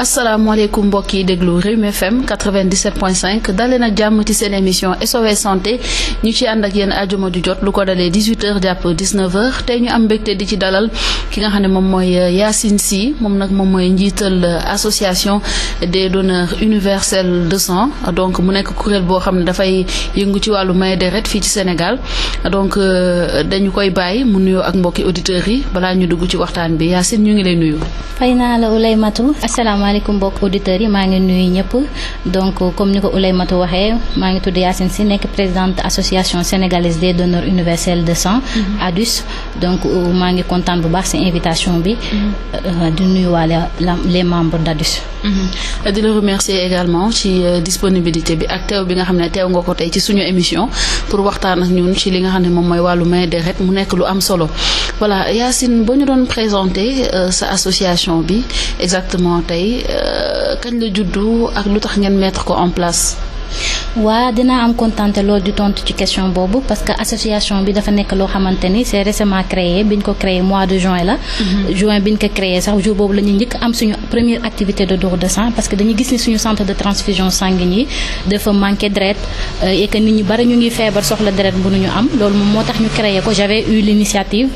asalaamaaleykum mbokk yi déglu Rewmi FM 97.5 dalee na jàmm ci seen émission SOS santé ñu ci ànd ak yéen àjjuma ju jot lu ko dalee 18h jàpp 19h tey ñu am mbégte di ci dalal ki nga xam ne moom mooy euh, Yacine Sy moom nag moom mooy njiital euh, association des donneurs universels de sang donc mu nekk kuréel boo xam ne dafay yëngu ci wàllu may deret fii ci senegal donc euh, dañu koy bàyyi mu nuyoo ak mbokki auditeurs yi balaa ñu dugg ci waxtaan bi Yacine ñu ngi lay nuyu. asalaamaaleykum mbokk auditeurs yi maa ngi nuyu ñëpp donc comme ni ko Ouleymatou waxee maa ngi tudd Yacine Sy nekk présidente association sénégalaise des donneurs universels de sang mhm. ADUS donc euh, maa ngi kontaan bu baax si invitation bi mhm. euh, di nuyuwaale la les membre d'ADUS mhm. di la remercier également ci euh, disponibilité bi ak teew bi nga xam ne teew nga ko tey ci suñu émission pour waxtaan ak ñun ci li nga xam ne moom mooy wàllu may deret mu nekk lu am solo voilà Yacine boo ñu doon bi bi euh, kañ la juddu ak lu tax ngeen mettre ko en place. waa dinaa am kontante lool di tontu ci question boobu parce que association bi dafa nekk loo xamante ni c'est récemment créé biñ ko créé mois de juin la. Mhm. juin biñ ko créé sax jour boobu la ñuy njëkk am suñu première activité de parce que dañuy gis ni suñu centre de transfusion sanguine yi dafa manqué deret euh, et que nit ñu bari ñu ngi feebar soxla deret ñu am loolu moom moo tax ñu créé ko j'avais eu l'initiative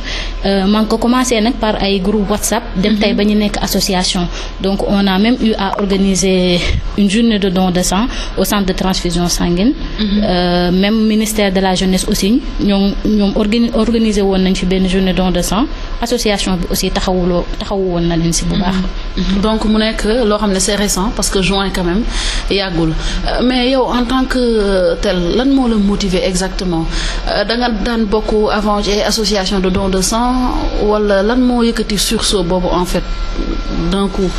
euh, maa ko commencé nag par ay groupe WhatsApp. dem tey mhm. ba ñu nekk association donc a même eu à organiser une journée de don de sang transfusion sanguine. Mhm. Euh, même ministère de la jeunesse aussi ñoom ñoom organi organiser woon nañ fi benn journée don de sang association bi aussi taxawuloo taxawu woon na leen si bu baax. Mhm. Mhm. donc mu nekk loo xam ne c'est récent parce que juin quand même yàggul euh, mais yow en tant que euh, tel lan moo la motiver exactement da nga daan bokk avant ci association de don de sang wala lan moo yëkkati sursaut boobu en fait d'un coup.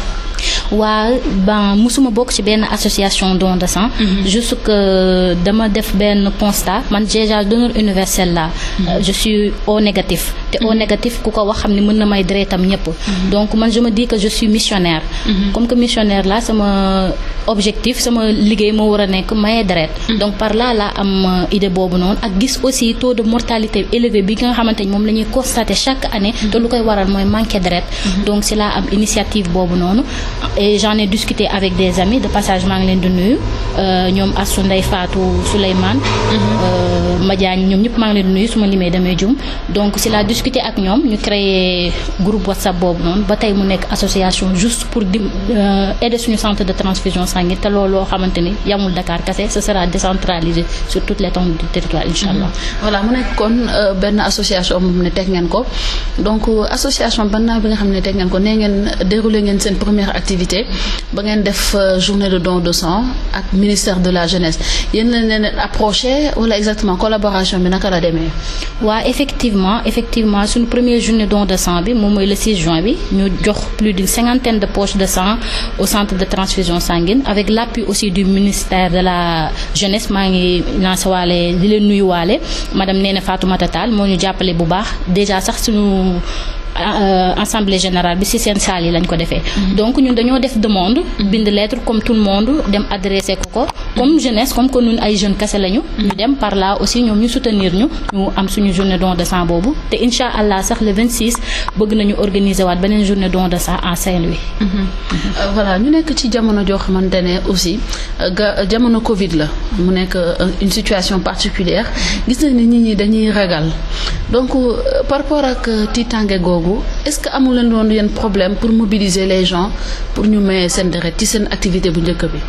waa ban musuma bokk ci benn association doon de sang mhm. juste que dama def benn constat man déjà donneur universel la mhm. je suis négatif te au négatif ku ko wax xam ne mën na may deretam ñëpp. donc man je me dis que je suis missionnaire. Mhm. comme que missionnaire la sama objectif sama liggéey moo war a nekk maye deret. Mhm. donc par là laa am euh, idée boobu noonu ak gis aussi taux de mortalité élevé bi nga xamante ni moom la ñuy constater chaque année. Mhm. te lu koy waral mooy manqué deret. donc si laa am initiative boobu noonu et j'en ai discuté avec des amis de passage maa ngi leen di nuyu euh, ñoom Assou Ndeye Fatou Souleymane. Euh, Madiagne ñoom ñëpp maa ngi leen di nuyu su ma limee damay jum discuter ak ñoom ñu créer groupe whatsapp boobu noonu ba tey mu nekk association juste pour di euh, aider suñu centre de transfusion sanguine te loolu loo xamante ni yamul Dakar kese ce sera décentralisé sur toute l'étendue du territoire incha allah. Mm-hmm. voilà mu nekk kon euh, benn association moom ne teg ngeen ko donc euh, association bannaa bi nga xam ne teg ngeen ko nee ngeen déroulé ngeen seen première activité ba ngeen def journée de don de sang ak ministère de la jeunesse yéen leen approché wala exactement collaboration bi naka la demee. effectivement suñu première journée don de sang bi moom mooy le juin bi ñu jox plus d'une cinquantaine de poches de sang au centre de transfusion sanguine avec l'appui aussi du ministère de la jeunesse maa ngi lancé waale di leen nuyu waale madame Néné Fatoumata moo ñu jàppale bu baax déjà sax suñu Euh, assemblée générale bi ci seen salle yi lañ ko defee mhm. donc ñun dañoo def demande mhm. bind lettre comme tout le monde dem adressé ko ko mhm. comme jeunesse comme que ñun ay jeunes kese lañu ñu dem par aussi ñoom ñu soutenir ñu ñu am suñu journée don de sang boobu te incha allah sax le 26 bëgg nañu organiser waat beneen journée don de sang en Saint-Louis euh, voilà ñu nekk ci jamono joo xamante ne aussi euh, ga jamono Covid la mu nekk une situation particulière gis nañ ni ñi dañuy ragal donc boobu est-ce que amu leen doon yeen problème pour mobiliser les gens pour ñu maye seen deret ci seen activité bu njëkk bi.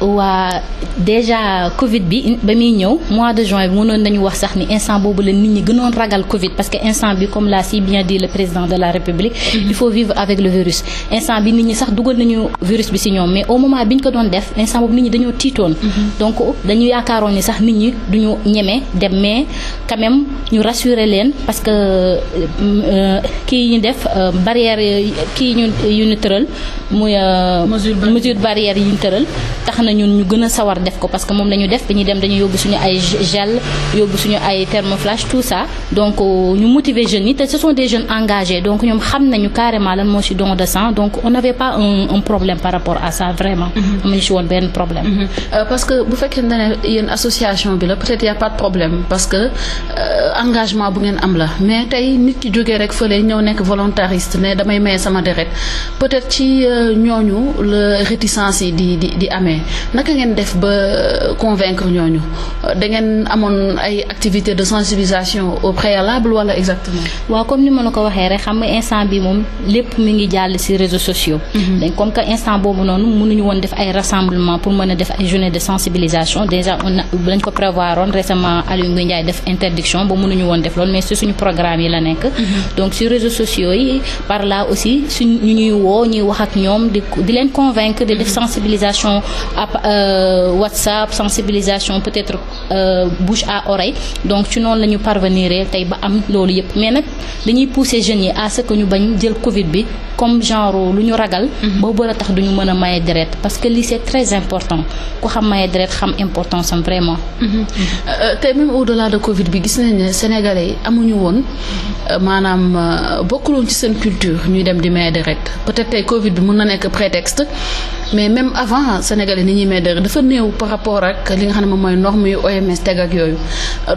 waa déjà Covid bi ba muy ñëw mois de juin mënoon nañu wax sax ni instant boobu la nit ñi gënoon ragal Covid parce que instant bi comme l'a si bien dit le président de la République. Mhm. il faut vivre avec le virus instant bi nit ñi sax dugal nañu virus bi ci ñoom mais au moment bi ñu ko doon def instant boobu nit ñi dañoo tiitoon. Mhm. donc dañu yaakaaroon ni sax nit ñi duñu ñeme dem mais quand ñu rassurer leen parce que euh, kii ñu def euh, barrière kii ñu ñu tëral muy euh, mesure barrière yi ñu tëral na ñun ñu a sawar def ko que moom la def bi ñuy dem dañu yóbbu suñu ay gel yóbbu suñu ay thermoflash tout ça donc euh, ñu motiver jeunes yi te des jeunes engagés donc ñoom xam nañu carrément lan moo ci don de sang on n'avait pas un, un problème vraiment mm-hmm. amuñu ci woon benn problème mm-hmm. euh, parce que bu fekkee ne yéen association bi la peut-être y a pas de problème parce que euh, engagement bu ngeen am la mais tey nit ki jógee rek fële ñëw nekk volontariste ne damay maye sama deret peut-être ci ñooñu la réticence yi di di di amee naka ngeen def ba convaincre ñooñu da ngeen amoon ay activités de sensibilisation au préalable wala exactement. waaw comme ni ma la ko waxee rek xam nga instant bi moom lépp mi ngi jàll ci réseaux sociaux. dañ mhm. comme que instant boobu noonu mënuñu woon def ay rassemblement pour mën a def ay journée de sensibilisation déjà a dañ ko prévoir woon récemment Aliou Ngouille Ndiaye def interdiction ba mënuñu woon def loolu mais ci suñu programme yi la nekk. Mhm. donc ci réseaux sociaux yi par là aussi suñ ñu woo ñuy wax ak ñoom di di leen convaincre de def sensibilisation. euh, WhatsApp sensibilisation peut-être euh, bouche à oreille donc ci noonu lañu ñu parvenir tey ba am loolu yëpp mais nag dañuy pousser jeunes yi à ce que ñu bañ jël Covid bi comme genre lu ñu ragal. Mhm. ba bëri a tax du ñu mën a maye deret parce que lii c'est très important ku xam maye deret xam importance am vraiment. Mhm. Euh, tey même au-delà de Covid bi gis nañ ne Sénégalais yi amuñu woon euh, maanaam euh, bokkuloon ci seen culture ñuy dem di maye deret peut-être tey Covid bi mun na nekk prétexte mais ni ñuy dafa néew par rapport ak li nga xam ne moom mooy norme yu OMS teg ak yooyu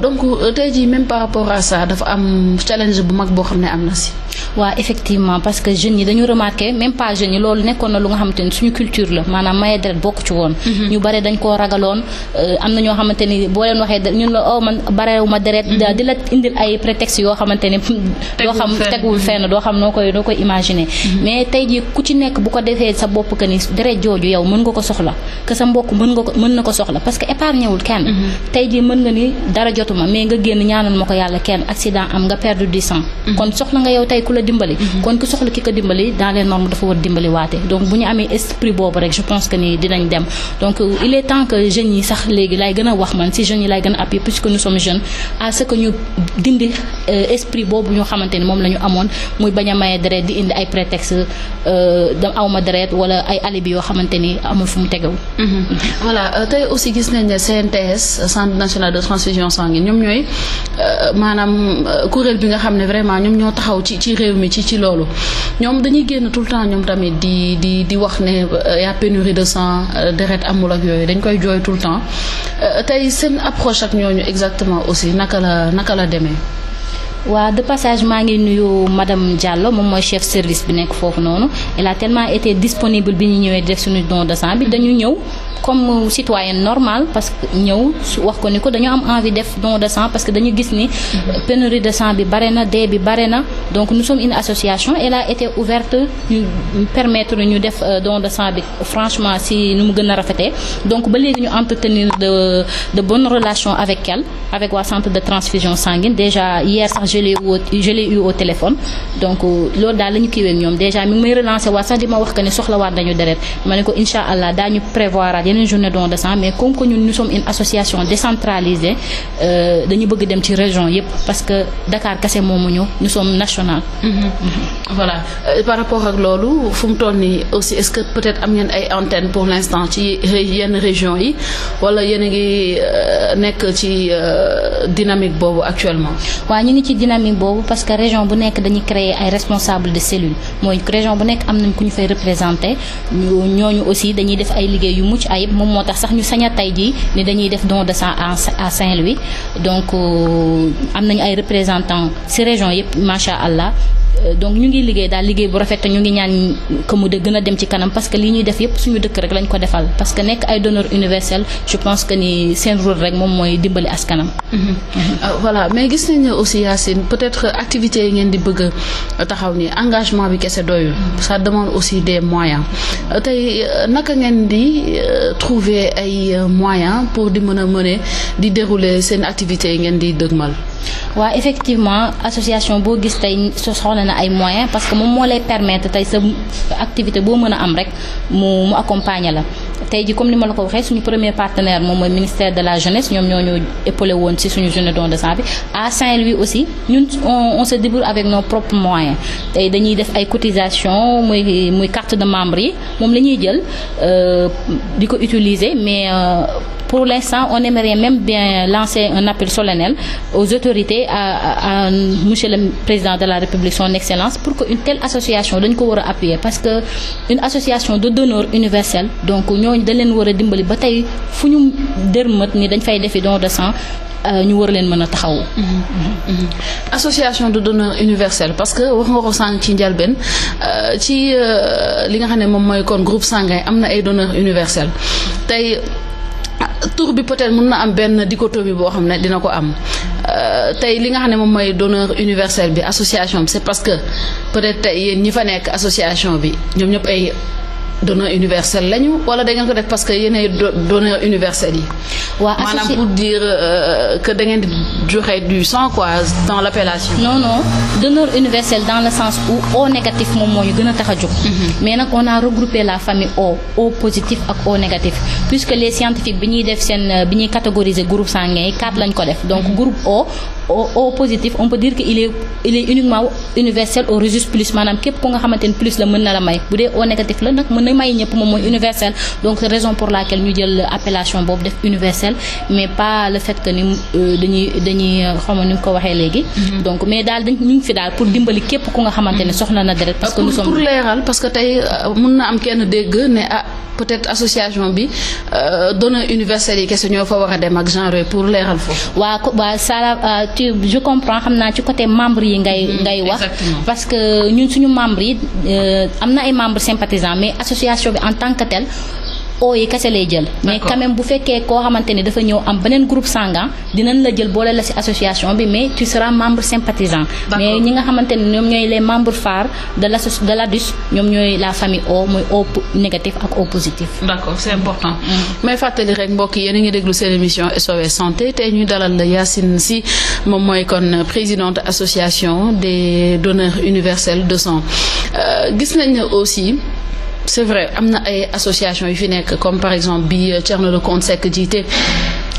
donc tey jii même par rapport à dafa am challenge bu mag boo xam ne am na si. waaw effectivement parce que jeunes yi dañu remarqué même pas jeunes yi loolu nekkoon na lu nga xamante ni suñu culture la maanaam maye deret bokk ci woon. Mhm. ñu bare dañ koo ragaloon euh, am na ñoo xamante ni boo leen waxee ñun oh, mhm. di la indil ay prétexte yoo xamante ni. doo xam tegwul fenn doo xam noo koy noo mhm. mais tey jii ku ci nekk bu ko defee sa bopp que ni deret jooju yow mën nga ko soxla. que sa mbokk mën ko mën na ko soxla parce que épargne wul kenn mm-hmm. tey jii mën nga ni dara jotuma mais nga génn ñaanal ma ko yàlla kenn accident am nga perdre du sang mm-hmm. kon soxla nga yow tey ku la dimbali mm-hmm. kon ku soxla ki ko dimbali dans les normes dafa war dimbali waate donc bu ñu amee esprit boobu rek je pense que ni dinañ dem donc euh, il est que jeunes yi sax léegi lay wax man si jeunes lay gën a appuyer puisque nous sommes que ñu dindi euh, esprit boobu ñu xamante ni moom la ñu amoon muy bañ a maye deret di indi ay prétexte euh, da aw ma deret wala ay alibi yoo xamante ni amul fu mu tegewu Mm-hmm. voilà euh, tey aussi gis nañ ne CNTS euh, centre national de transfusion sanguine ñoom ñooy euh, maanaam kuréel bi nga xam ne vraiment ñoom ñoo taxaw ci ci réew mi ci ci loolu ñoom dañuy génn tout le temps ñoom tamit di di di wax ne y a de sang deret amul ak yooyu dañ koy jooy tout temps tey seen approche ak ñooñu exactement aussi naka la naka la demee. waaw de passage maa ngi nuyu madame Diallo moom mooy chef service bi nekk foofu noonu elle a été disponible bi ñu ñëwee def suñu don de sang bi dañu ñëw. comme citoyen normal parce que ñëw su wax ko ni ko dañu am envie def don de sang parce que dañu gis ni pénurie de sang bi bare na dee bi bare na donc nous sommes une association elle a été ouverte ñu permettre ñu def euh, don de sang bi franchement si nu mu gën a rafetee donc ba léegi ñu entretenir de de bonnes relations avec elle avec waa centre de transfusion sanguine déjà hier sax je l'ai eu je l'ai o au téléphone donc euh, loolu daal la ñu ñoom déjà mi ngi may relancer waa sax di ma wax que ne soxlawaat beneen journée don de sang mais comme que ñun nous sommes une association décentralisée euh, dañu bëgg dem ci région yëpp parce que Dakar kese moomuñu nous sommes national. Mm -hmm. Mm -hmm. voilà euh, par rapport ak loolu fu mu toll nii aussi est-ce que peut-être am ngeen ay antenne pour l'instant ci yenn région yi wala yéen a ngi euh, nekk ci dynamique boobu actuellement. waaw ñu ngi ci dynamique boobu parce que région bu nekk dañuy créer ay responsables de cellule mooy région bu nekk am nañ ku ñu fay représenter ñooñu aussi dañuy def ay liggéey yu mucc Ayib moom moo tax sax ñu sañ a tey jii ni dañuy def don de sang à Saint-Louis donc euh, am ay représentants ci région yëpp macha allah. Euh, donc ñu ngi liggéey daal liggéey bu rafet ñu ngi ñaan que mu de gën a dem ci kanam parce que lii ñuy def yëpp suñu dëkk rek lañ ko defal parce que nekk ay donneur universel je pense que ni seen rôle rek moom mooy dimbali askanam. Mhm. Euh, voilà mais gis nañ ne aussi Yacine peut-être activités yi ngeen di bëgg a taxaw ni engagement bi kese doyul. Mhm. ça demande aussi des moyens tey trouver ay euh, moyens pour di mën a mëne di dérouler seen activités yi ngeen di dëgmal. waa effectivement association boo gis tey soxla na ay moyen parce que moom moo lay permettre tey sa activité boo mën a am rek mu mu accompagner la tey ji comme ni ma la ko waxee suñu premier partenaire moom mooy ministère de la jeunesse ñoom ñoo ñu épaulé woon ci suñu journée don de sang bi à Saint-Louis aussi ñun on, on se débrouille avec nos propres moyens tey dañuy def ay cotisation muy muy carte de membre yi moom la ñuy jël euh, di ko utiliser mais euh, pour l'instant on aimerait même bien lancer un appel solennel priorité à à, le président de la République son excellence pour que une telle association dañ ko war a appuyer parce que une association de donneurs universels donc ñooñu daleen leen war a dimbali ba tey fu ñu dërmët ni dañ fay defi don de sang euh, ñu war leen mën a taxaw mm-hmm. association de donneurs universels parce que wax nga ko sang ci njalbeen euh, ci euh, li nga xam ne moom mooy kon groupe Sangaye am na ay donneurs universels tey Ah, tur bi peut-être mën na am benn dichotomie boo xam ne dina ko am euh, tey li nga xam ne moom mooy donneur universel bi association bi c'est parce que peut-être tey yéen ñi fa nekk association bi ñoom ñëpp ay donneur universel lañu wala da ngeen ko def parce que yéenay donneur universel yi. waa maanaam pour dire euh, que da ngeen di joxe du cent quoi dans l' appellation. non non donneur universel dans le sens où O négatif moom moo ñu gën a tax a jóg. Mhm. mais nag on a regroupé la famille O O positif ak O négatif puisque les scientifiques bi ñuy def seen bi ñuy catégoriser groupe sanguin yi quatre lañ ko def donc groupe O. au au positif on peut dire que il est il est uniquement universel au registre plus maanaam képp ku nga xamante plus la mën na la may bu dee au négatif la nag mën na may ñëpp moom mooy donc raison pour laquelle ñu jël appellation boobu def universel mais pas le fait que ni euh, dañuy euh, xamoon ni ko waxee léegi. Mm-hmm. donc mais daal dañ ñu ngi fi daal pour dimbali képp ku nga xamante ne soxla na deret. parce que nous pour leeral parce que tey euh, mën na am kenn dégg ne ah peut-être association bi donneur universel yi kese ñoo fa war a dem ak genre pour leeral foofu. ci je comprends xam naa ci côté membre yi ngay mm-hmm, ngay wax parce que ñun suñu membre yi euh, am na ay membre sympathisant mais association bi en tant que tel eau yi kese lay jël. mais quand bu fekkee koo xamante ni dafa ñëw am beneen groupe sanguin dinañ la jël boole la ci association bi mais tu seras membre sympathisant. mais ñi nga xamante ne ñoom ñooy les membres phares de la ñoom ñooy la famille O mooy O négatif ak O positif. d' accord c' fàttali rek mbokk yéen a ngi déglu seen émission SOS santé tey ñu dalal Yacine Sy moom mooy kon présidente association des donneurs universels de sang euh, gis nañ ne aussi. c'est vrai am na ay association yu fi nekk comme par exemple bi euh, Thierno Lecompte Seck jiite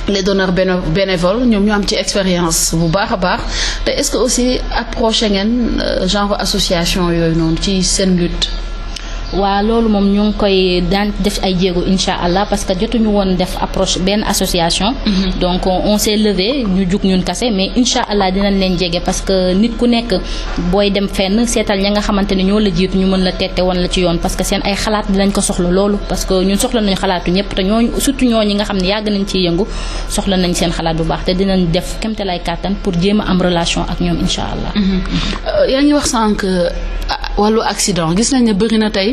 les donneurs bénévoles ñoom ñu am ci expérience bu baax a baax te est-ce que aussi approche ngeen euh, genre association yooyu noonu ci seen lutte waa loolu moom ñu ngi koy daan def ay jéego incha allah parce que jotuñu woon def approche benn association. Mhm. donc on s'est levé ñu jug ñun kase mais incha allah dinañ leen jege parce que nit ku nekk booy dem fenn seetal ña nga xamante ne ñoo la jiit ñu mën la tette woon la ci yoon parce que seen ay xalaat dinañ ko soxla loolu parce que ñun soxla nañu xalaatu ñëpp te ñooñu surtout ñooñi nga xam ne yàgg nañ ciy yëngu soxla nañ seen xalaat bu baax te dinañ def kemte ay kàttan pour jéem am relation ak ñoom incha allah. Mhm. Euh, wallu accident gis nañ ne bëri na tey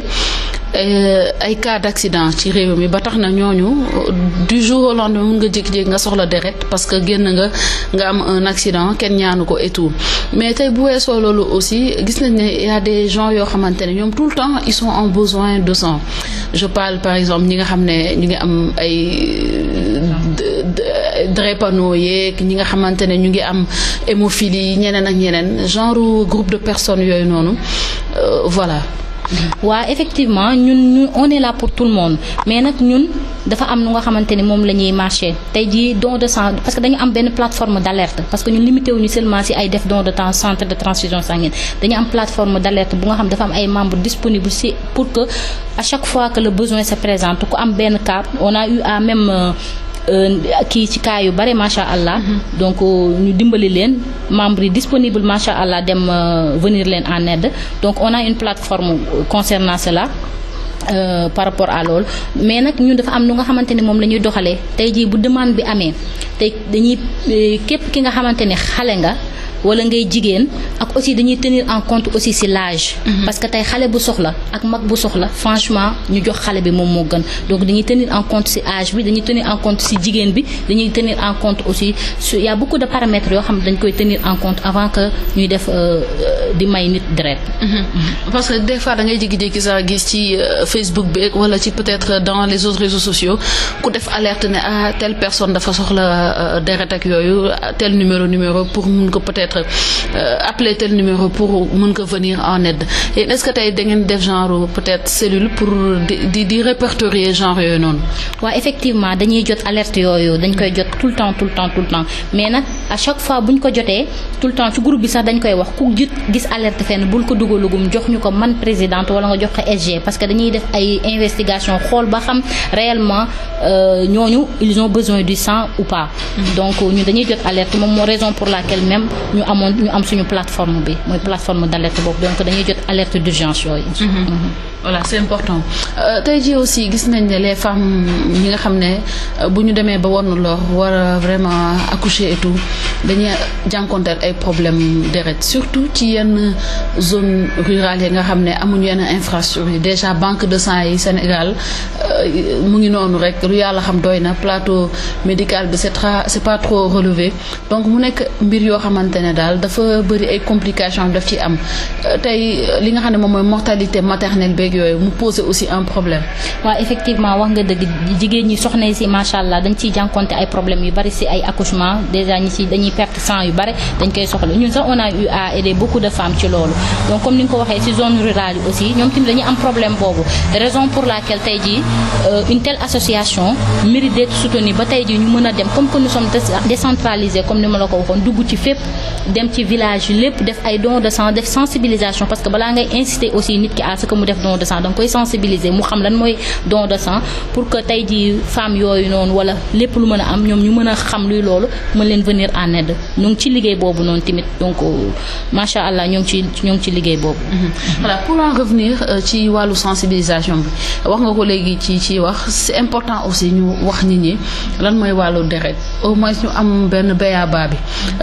euh, ay cas accident ci réew mi ba tax na ñooñu du jour au lendemain mun nga jékki-jékki nga soxla deret parce que génn nga nga am un accident kenn ñaanu ko et mais tey bu weesoo loolu aussi gis nañ ne y des gens yoo xamante ne ñoom tout le temps ils sont en besoin de sang je par exemple ñi nga xam ne ñu ngi am ay drépano yeeg ñi nga xamante ne ñu ngi am hémophilie ñeneen ak ñeneen genre groupe de personnes yooyu noonu Euh, voilà. waa mm-hmm. effectivement ñun ñu on est là pour tout le monde mais nag ñun dafa am nu nga xamante ni moom la ñuy marché tey jii don de sang parce que dañu am benn plateforme d' alerte parce que ñun limité wuñu seulement si ay def don de temps centre de transfusion sanguine dañu am plateforme d' alerte bu nga xam dafa am ay membres disponibles si pour que à chaque fois que le besoin se présente ku am benn cas on a même. Euh, Euh, kii ci cas yu bare macha allah. Mhm. donc euh, ñu dimbali leen membres yi disponible macha allah dem euh, venir leen en donc on a une plateforme concernant cela. Euh, par rapport à loolu mais nag ñu dafa am nu nga xamante ne moom la ñuy doxalee tey jii bu demande bi amee tey dañuy képp ki nga xamante ne xale nga wala ngay jigéen ak aussi dañuy tenir en compte aussi si l'âge mhm. parce que tey xale bu soxla ak mag bu soxla franchement ñu jox xale bi moom moo gën donc dañuy tenir en compte si âge bi dañuy tenir en compte si jigéen bi dañuy tenir en compte aussi su y a beaucoup yoo xam ne dañ koy tenir en compte avant que ñuy def euh, euh, di may nit deret mhm. Mhm. parce que des fois da ngay jékki-jékki sax gis ci euh, Facebook bi wala ci peut-être dans les autres réseaux sociaux ku def alerte ne ah, personne dafa soxla deret ak yooyu tel numéro numéro pour mun être euh, appelé tel numéro pour mën ko venir en aide yéen est-ce que tey da ngeen def genre peut-être cellule pour di di répertorier genre yooyu noonu. waaw effectivement dañuy jot alerte yooyu dañ koy jot tout le temps tout le temps tout le temps mais nag à chaque fois bu ñu ko jotee tout le temps ci groupe bi sax dañ koy wax ku jut gis alerte fenn bul ko dugalugum jox ñu ko man présidente wala nga jox ko SG parce que dañuy def ay investigation xool ba xam réellement euh, ñooñu ils ont besoin du sang ou pas. Mm. donc ñu dañuy jot alerte moom moo raison pour laquelle même. ñu amoon ñu am suñu plateforme bi mooy plateforme d'alerte boobu donc dañuy jot alerte d'urgence yooyu. Mhm. Mhm. voilà c'est important euh, tey aussi gis nañ ne les femmes ñi nga xam ne euh, bu ñu demee ba war na lor war vraiment accoucher et tout dañuy jànkonteel ay problèmes deret surtout ci yenn zone rurale yi nga xam ne amuñu yenn infrastructure déjà banque de sens yi Sénégal euh, mu ngi noonu rek lu yàlla xam doy na plateau médical bi c'est c'est pas trop relevé donc mu nekk ne daal dafa bëri ay complications daf ci am euh, tey li nga xam ne moom mortalité maternelle beeg yooyu mu poser aussi un problème. waaw effectivement wax nga dëgg jigéen ñi soxna yi si macha allah dañ ciy jànkonte ay problèmes yu bari si ay accouchement déjà ñi a ci loolu donc comme ni ko waxee si zone rurale yi aussi ñoom tamit dañuy am problème boobu raison pour laquelle tey jii euh, une telle association mérite d'être soutenue ba tey jii ñu mën a dem comme que nous sommes dem ci village yi lépp def ay don de sang def sensibilisation parce que balaa ngay inciter aussi nit ki à ce que mu def don de sang danga koy sensibiliser mu xam lan mooy don de sang pour que tey ji femme yooyu noonu wala lépp lu mën a am ñoom ñu mën a xam luy loolu mën leen venir en aide ñu ngi ci liggéey boobu noonu tamit donc euh, macha allah ñu ngi ci ñu ngi ci liggéey boobu. Mhm. voilà pour en revenir euh, ci wàllu sensibilisation bi wax nga ko léegi ci ci wax c'est important aussi ñu wax nit ñi lan mooy wàllu deret au moins ñu am benn béyaabaa bi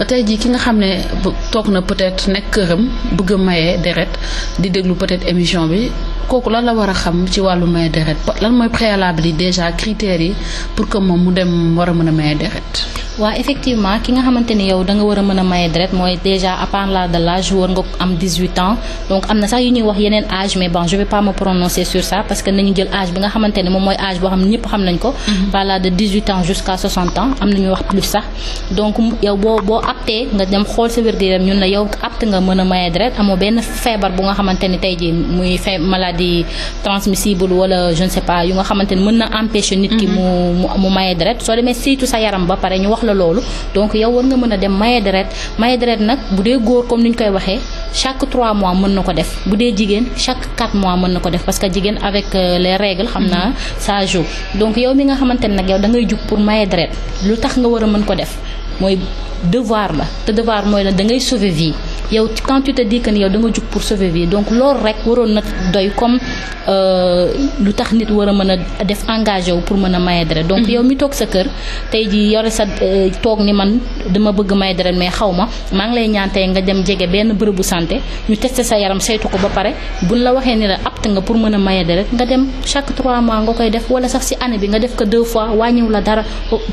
mm. ne toog na peut-être nekk këram bëgg a maye deret di déglu peut-être émission bi kooku lan la war a xam ci wàllu maye deret lan mooy préalable yi déjà critères yi pour que moom mu dem war a mën a maye deret waaw effectivement ki nga xamante ni yow da war a mën a maye deret mooy déjà à part là de war nga am 18 ans donc am na sax yu ñuy wax yeneen âge mais bon je vais pas me prononcer sur ça parce que nañu jël âge bi nga mm-hmm. ans jusqu'à 60 ans am nañu wax plus sax donc yow boo boo aptee nga dem xool sa wér-gu-yaram ñun la yow apte nga mën a maye deret amoo benn feebar bu nga xamante ni tey jii muy fe maladie transmissible wala je ne sais pas yu nga xamante ni mën na empêcher nit ki mm-hmm. mu mu la loolu donc yow war nga mën a dem maye deret maye deret nag bu dee góor comme ni ñu koy waxee chaque trois mois mën na ko def bu dee jigéen chaque quatre mois mën na ko def parce que jigéen avec euh, les règles xam naa mm-hmm. ça joue donc yow mi nga xamante ne nag yow da ngay jug pour maye deret lu tax nga war a mën ko def mooy devoir la te devoir mooy la da ngay sauver vie yow ci tu te dis que ni yow da jug pour sauver vie donc loolu rek waroon na doy comme euh, lu tax nit war a mën a def engagé wu pour mën a maye deret donc mm-hmm. yow mi toog sa kër tey ji yore sa euh, toog ni man dama bëgg may deret mais xaw ma maa ngi lay ñaante nga dem jege benn bërëbu santé ñu testé sa yaram saytu ko ba pare buñ la waxee ni la apte nga a dem chaque 3 mois nga koy def wala sax si année bi nga def ko deux fois wàññiw la dara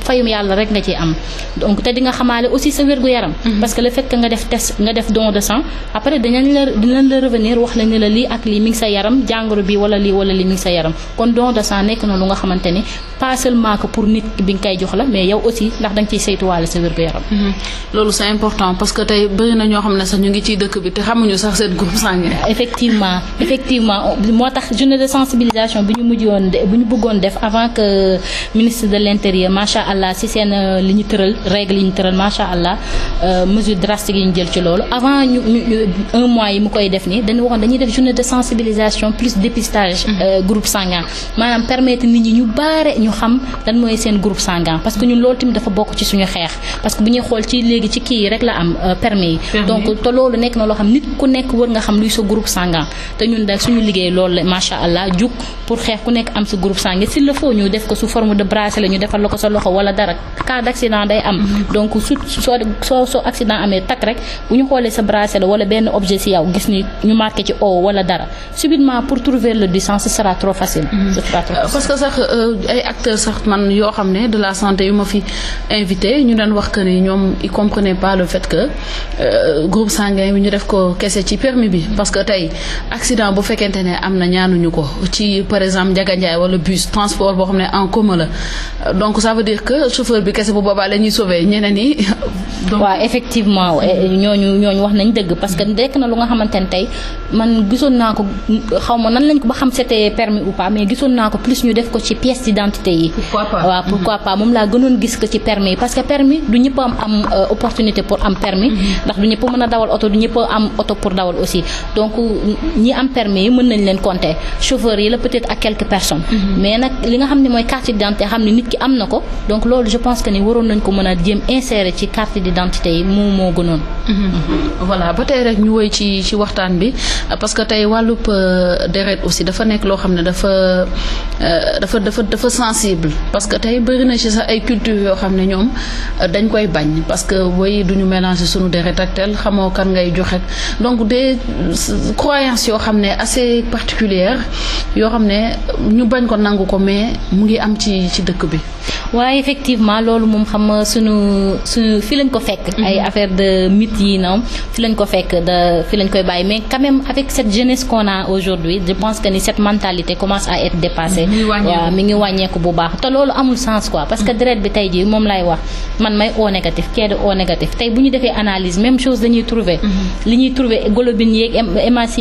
fayum yàlla rek nga ciy am donc te di nga aussi sa wérgu mhm. yaram yaram kon don nekk na lu nga xamante ni pas seulement pour nit bi nga koy jox la mais yow aussi ndax da nga ciy saytuwaale sa wérgu yaram mhm. loolu c'est important parce tey bëri ñoo xam ne sax ñu ngi ciy dëkk bi te xamuñu sax seen groupe sanguin effectivement effectivement moo tax journée de sensibilisation bi ñu mujjoon bu ñu bëggoon def avant que ministre de l' intérieur macha allah si seen euh, li ñu tëral règle yi ñu tëral macha allah euh, mesure drastique yi ñu jël ci loolu avant ñu un mois yi mu koy def nii dañu waxoon dañuy def journée de sensibilisation plus dépistage mm-hmm. euh, groupe sangan maanaam permettre nit ñi ñu baare ñu xam lan mooy seen groupe sanguin parce que ñun loolu tamit dafa bokk ci suñu xeex parce que bu ñuy xool ci léegi ci kii yi rek la am permis yi donc te loolu nekk na loo xam nit ku nekk war nga xam luy sa groupe sanguin te ñun liggéeyee loolu la macha allah jug pour xeex ku nekk am sa groupe sanguin s'il le faut ñu def ko sous forme de bracelet ñu defal la ko sa loxo wala dara cas d'accident day am. Mm-hmm. donc soo soo soo amee takk rek bu ñu xoolee sa bracelet wala benn objet si yow gis ni ñu marqué ci o wala dara subitement pour trouver le distance ce sera trop facile. Mm-hmm. Euh, parce que sax euh, ay acteurs sax man yoo xam ne de la santé yu ma fi invité ñu doon wax que ni ñoom ils comprenaient pas le fait que euh, groupe sanguin ñu def ko kese ci ne am na ñaanuñu ko ci par exemple Ndiaga Ndiaye bus transport boo xam ne en commun la donc ça veut dire que chauffeur bi kese bu boobaa la ñuy sauver ñeneen yi. waaw effectivement eh, ñooñu wax nañ dëgg parce que nekk na lu nga xamante ne tey man gisoon naa ko xaw ma nan lañ ko ba xam c'était permis ou pas mais gisoon naa ko plus ñu def ko ci pièce d'identité yi. pourquoi pas waaw mm-hmm. pourquoi pas moom laa gënoon gis ko ci permis yi parce que permis du ñëpp am am euh, opportunité pour am permis mm-hmm. ndax du ñëpp mën a dawal du ñëpp am oto pour dawal leen compter chauffeurs yi la peut ak quelques personnes. Mhm. mais nag li nga xam ne mooy carte d'identité xam ne nit ki am na ko donc loolu je pense que ni waroon nañ ko mën a jéem insérer ci carte d'identité yi moo moo gënoon. Mhm. voilà ba tey rek ñu woy ci ci waxtaan bi parce que tey wàllu wàllub euh, deret aussi dafa nekk loo xam ne dafa euh, dafa dafa dafa sensible parce que tey bëri na ci sax ay culture yoo xam ne ñoom euh, dañ koy bañ parce que woy duñu mélanger sunu deret ak xamoo kan ngay joxe particulière yoo xam ne ñu bañ ko nangu ko mais mu ngi am ci ci dëkk bi. waaye effectivement loolu moom xam nga suñu suñu fi lañ ko fekk. Mhm. ay affaire de mythe yi noonu fi lañ ko fekk de fi lañ koy bàyyi mais quand même avec cette jeunesse qu'on a aujourd'hui je pense que ni cette mentalité commence à être dépassée. waaw ngi wàññeeku bu baax te loolu amul sens quoi. parce que mhm. deret bi tey jii moom lay wax man may O négatif kee di négatif tey bu ñu defee analyse même chose dañuy trouver. Mhm. li ñuy trouver globine yeeg hématites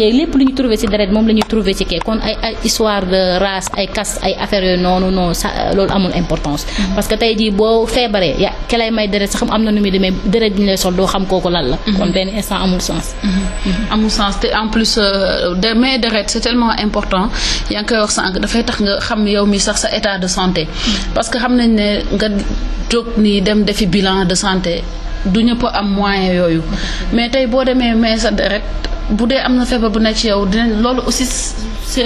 yeeg trouvé ci kee kon ay ay histoire de race ay caste ay affaires yooyu noonu non sa loolu amul importance. Mm-hmm. parce que tey jii boo feebaree ya ki lay may deret sax am na muy demee deret bi ñu lay sol doo xam kooku lan la. Mm-hmm. kon benn instant amul sens. Mm-hmm. amul sens te en plus euh, demee deret c'est tellement important yaa ngi koy wax sànq dafay tax nga xam yow mi sax sa état de santé. parce que xam nañ ne nga jóg nii dem defi bilan de santé du ñëpp am moyen yooyu mais tey boo demee may sa deret. bu dee am na feebar bu nekk ci yow dinañ loolu aussi c'est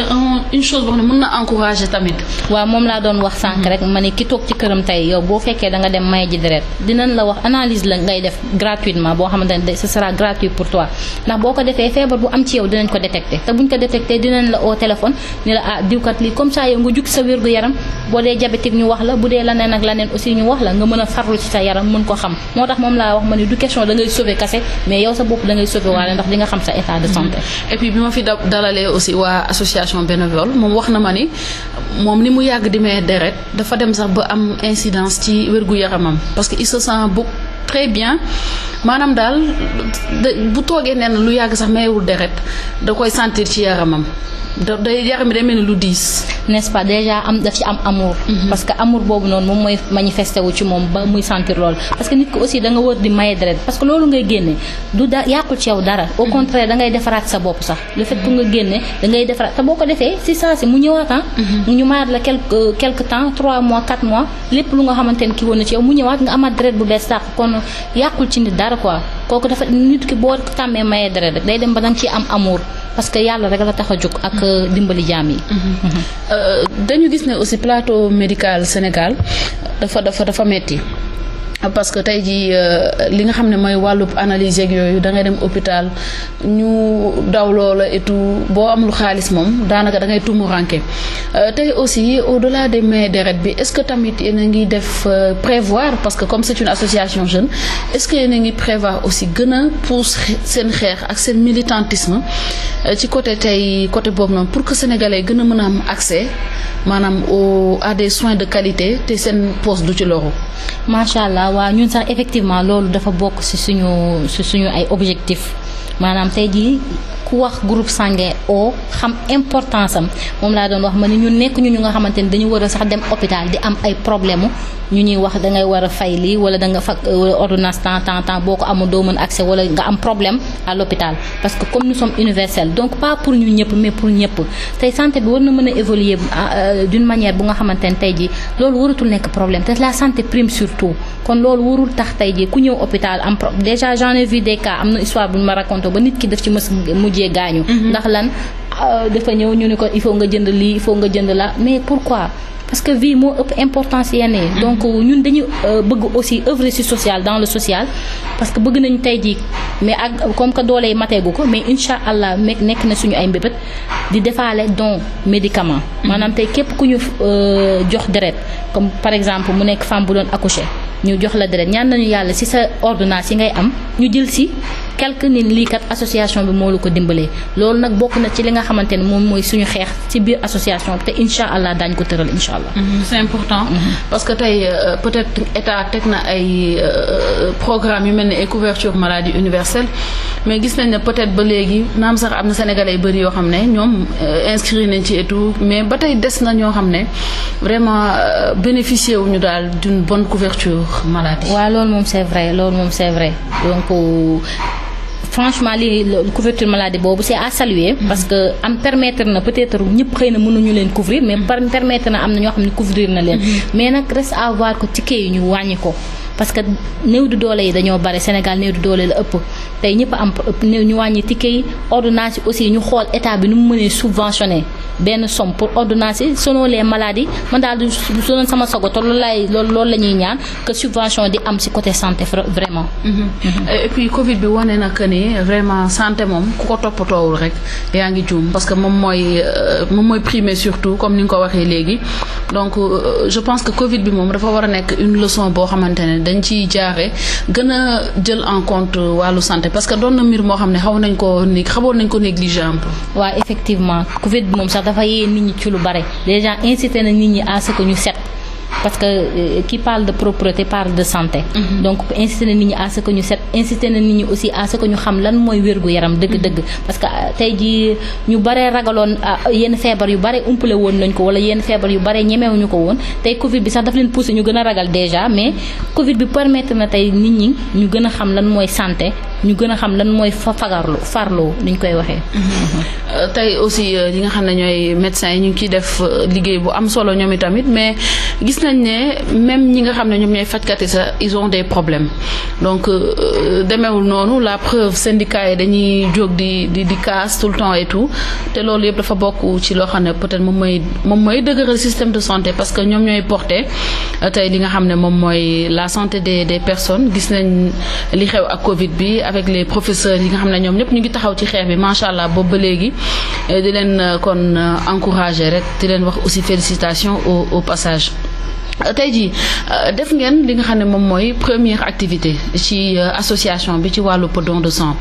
une chose boo xam ne mën na wax sànq rek ma ne ki toog ci tey yow boo fekkee da nga dem may ji deret dinañ la wax analyse la ngay def gratuitement boo xamante ne ce sera gratuit pour toi boo ko defee feebar am ci yow dinañ ko détecter te buñ ko détecter dinañ la la ah diwkat lii comme ça yow nga jug sa yaram boo wax la bu dee leneen ak leneen aussi ñu wax la nga mën a farlu ko xam moo tax moom laa wax ma ne du question da ngay kase mais yow sa bopp da ngay sauver ndax di nga xam sa état de santé. Mm-hmm. et bi ma fi dalalee aussi waa association bénévole moom wax na ma ni moom ni mu yàgg di may deret dafa dem sax ba am incidence ci wér-gu-yaramam parce que il se sent beaucoup très bien maanaam daal bu toogee nee lu yàgg sax mayewul deret da koy sentir ci yaramam. day yaram bi day mel ni lu diis. n'est-ce pas déjà am daf ci am amour. Mhm. parce que amour boobu noonu moom mooy manifesté wu ci moom ba muy sentir loolu parce que nit ko aussi da nga war di maye deret parce que loolu ngay génne du da yàqul ci yow dara. au mhm. contraire defaraat sa bopp sax. le fait que nga génne dangay ngay defaraat te boo ko defee si saa si mu ñëwaat ah. ñu mhm. mayaat la quelque euh, quelque temps 3 mois 4 mois lépp lu nga xamante ne kii woon na ci yow mu ñëwaat nga amaat deret bu bees sax kon yàqul ci nit dara quoi. kooku dafa nit ki boo tàmmee maye deret rek day dem ba danga ci am amour parce que yàlla rek la tax a jóg ak mm-hmm. euh, dimbali jaam yi. Mm-hmm. Mm-hmm. Euh, dañu gis ne aussi plateau médical Sénégal dafa dafa dafa metti parce que tey jii euh, li nga xam ne mooy wàllu analyse yeeg yooyu dangay dem hôpital ñu daw loola et tout boo amul xaalis moom daanaka da ngay tumuranke euh, tey aussi au delà des mains deret bi est ce que tamit yéen a ngi def euh, prévoir parce que comme c' est une association jeune est ce que yéen ngi prévoir aussi gën a pousse seen xeex ak seen militantisme ci côté tey côté boobu noonu pour que sénégalais gën a mën a am accès maanaam au à des soins de qualité te seen poste du ci loru macha waaw ñun sax effectivement loolu dafa bokk ci suñu ci suñu ay objectif maanaam tey jii ku wax groupe sanguin O xam importance am moom laa doon wax ma ni ñun nekk ñu ñu nga xamante ni dañu war a sax dem hôpital di am ay problème ñu ñuy wax dangay war a fay lii wala danga fak ordonnance temps temps temps boo ko amul doo mën accès wala nga am problème à l'hôpital parce que comme nous sommes universels donc pas pour ñu ñëpp mais pour ñëpp tey santé bi war na mën a évoluer ah, euh, d'une manière bu nga xamante ni tey jii loolu waratul nekk problème te la santé prime surtout kon loolu warul tax tey jii ku ñëw hôpital am pro déjà j'en ai des cas am na histoire bu ñu ma raconté ba nit ki def ci mës mujjee gaañu mhm. ndax lan ah, dafa ñëw ñu ne ko il faut nga jënd lii il faut nga jënd la mais pourquoi parce que vie moo ëpp importance yenn yi mhm. donc ñun dañu euh, bëgg aussi œuvrer ci social dans le social parce que bëgg nañu tey jii mais ak comme que doole yi mateegu ko mais incha allah mek nekk na suñu ay mbébét di defaale don médicament mhm. maanaam tey képp ku ñu euh, jox deret comme par exemple mu nekk femme bu doon accoucher ñu jox la deret ñaan nañu yàlla ci sa ordonnance yi ngay am ñu jël ci quelque nit lii kat association bi moo la ko dimbalee loolu nag bokk na ci li nga xamante ne moom mooy suñu xeex ci biir association bi te incha allah daañu ko tëral incha allah. Mm-hmm. c'est important mm-hmm. parce que tey euh, peut-être état teg na ay euh, programme yu mel ni ay couverture maladie universelle mais gis nañ ne peut-être ba léegi naam sax am na sénégal yu bëri yoo xam ne ñoom euh, inscrit nañ ci et tout mais ba tey des na ñoo xam ne vraiment bénéficier wuñu daal d'une bonne couverture. maladie. waaw loolu moom c'est vrai loolu moom c'est vrai donc euh, franchement li couverture maladie boobu c'est à saluer. Mm-hmm. parce que am permettre na peut-être ñëpp xëy na mënuñu leen couvrir mais mm-hmm. permettre na am na ñoo xam ne couvrir na leen. Mm-hmm. mais nag reste à voir ko ticket yi ñu wàññi ko. parce que néew du doole yi dañoo bare Sénégal néew du doole la ëpp tey ñëpp am néew ñu wàññi ticket yi ordonnance yi aussi ñu xool état bi nu mu mënee subventionné benn somme pour ordonnance yi selon les maladies man daal du selon sama sogo te loolu laay loolu la ñuy ñaan que subvention di am ci côté santé vraiment. Mhm. Mhm. et Covid bi wane na que ne vraiment santé moom ku ko toppatoowul rek yaa ngi juum parce que moom mooy euh, moom mooy surtout comme ni nga ko waxee léegi donc euh, je pense que Covid bi moom dafa war nekk une leçon boo xamante ne dañ ci jaare gën a jël en compte wàllu santé parce que doon na mbir moo xam ne xaw nañ ko ni xamoon nañ ko négligé un peu. waaw effectivement Covid bi moom sax dafa yee nit ñi ci lu bare déjà incité nañ nit ñi à ce ñu set. parce que euh, qui parle de propreté parle de santé. Mm-hmm. donc incité na nit ñi à ce que ñu set incité na nit ñi aussi à ñu xam lan mooy wérgu yaram dëgg-dëgg. Mm-hmm. parce que euh, tey jii ñu baree ragaloon euh, yenn feebar yu bare umpale woon nañ ko wala yenn feebar yu bare ñemewuñu ko woon tey Covid bi sax dafa leen poussé ñu gën a ragal déjà mais Covid bi permettre na tey nit ñi ñu gën a xam lan mooy santé. ñu gën a xam lan mooy fa fagarlu farlu ni ñu koy waxee. Mm-hmm. Euh, tey aussi ñi nga xam ne yi ñu ngi ciy def liggéey bu am solo ñoom itamit gis nañ ne même ñi nga xam ne ñoom ñooy fajkat yi sax ils ont des problèmes donc euh, demeewul noonu la preuve syndicat yi dañuy jóg di di di casse tout le temps et tout te loolu yëpp dafa bokk ci loo xam ne peut-être moom mooy moom mooy dëgëral système de santé parce que ñoom ñooy porté euh, tey li nga xam ne moom mooy la santé des des personnes gis nañ li xew ak Covid bi avec les professeurs yi nga xam ne ñoom ñëpp ñu ngi taxaw ci xeex bi macha allah boobu ba léegi euh, di leen kon encourager rek di leen wax aussi félicitations au au passage. Euh, tey jii euh, def ngeen li nga xam ne moom mooy première activité ci euh, association bi ci wàllu don de sang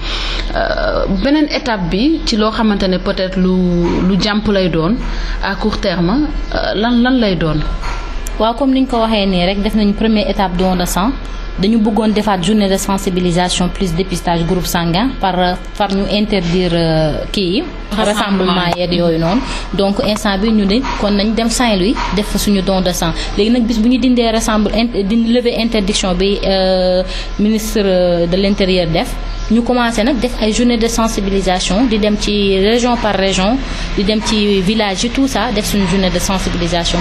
beneen étape bi ci loo xamante ne peut-être lu lu jàmp lay doon à court terme lan lan lay doon waaw comme ni ñu ko waxee nii rek def nañu première étape don de dañu bëggoon defaat journée de sensibilisation plus dépistage groupe sanguin par euh, par ñu interdire euh, kii yi rassemblement yeeg yooyu noonu donc instant bi ñu ne kon nañ dem Saint-Louis def fa suñu don de sang léegi nag bis bu ñu dindee rassemble dindi lever interdiction bi euh, ministre de l'intérieur def ñu commencé nag def ay journée de sensibilisation di dem ci région par région di dem ci village yi ça def suñu journée de sensibilisation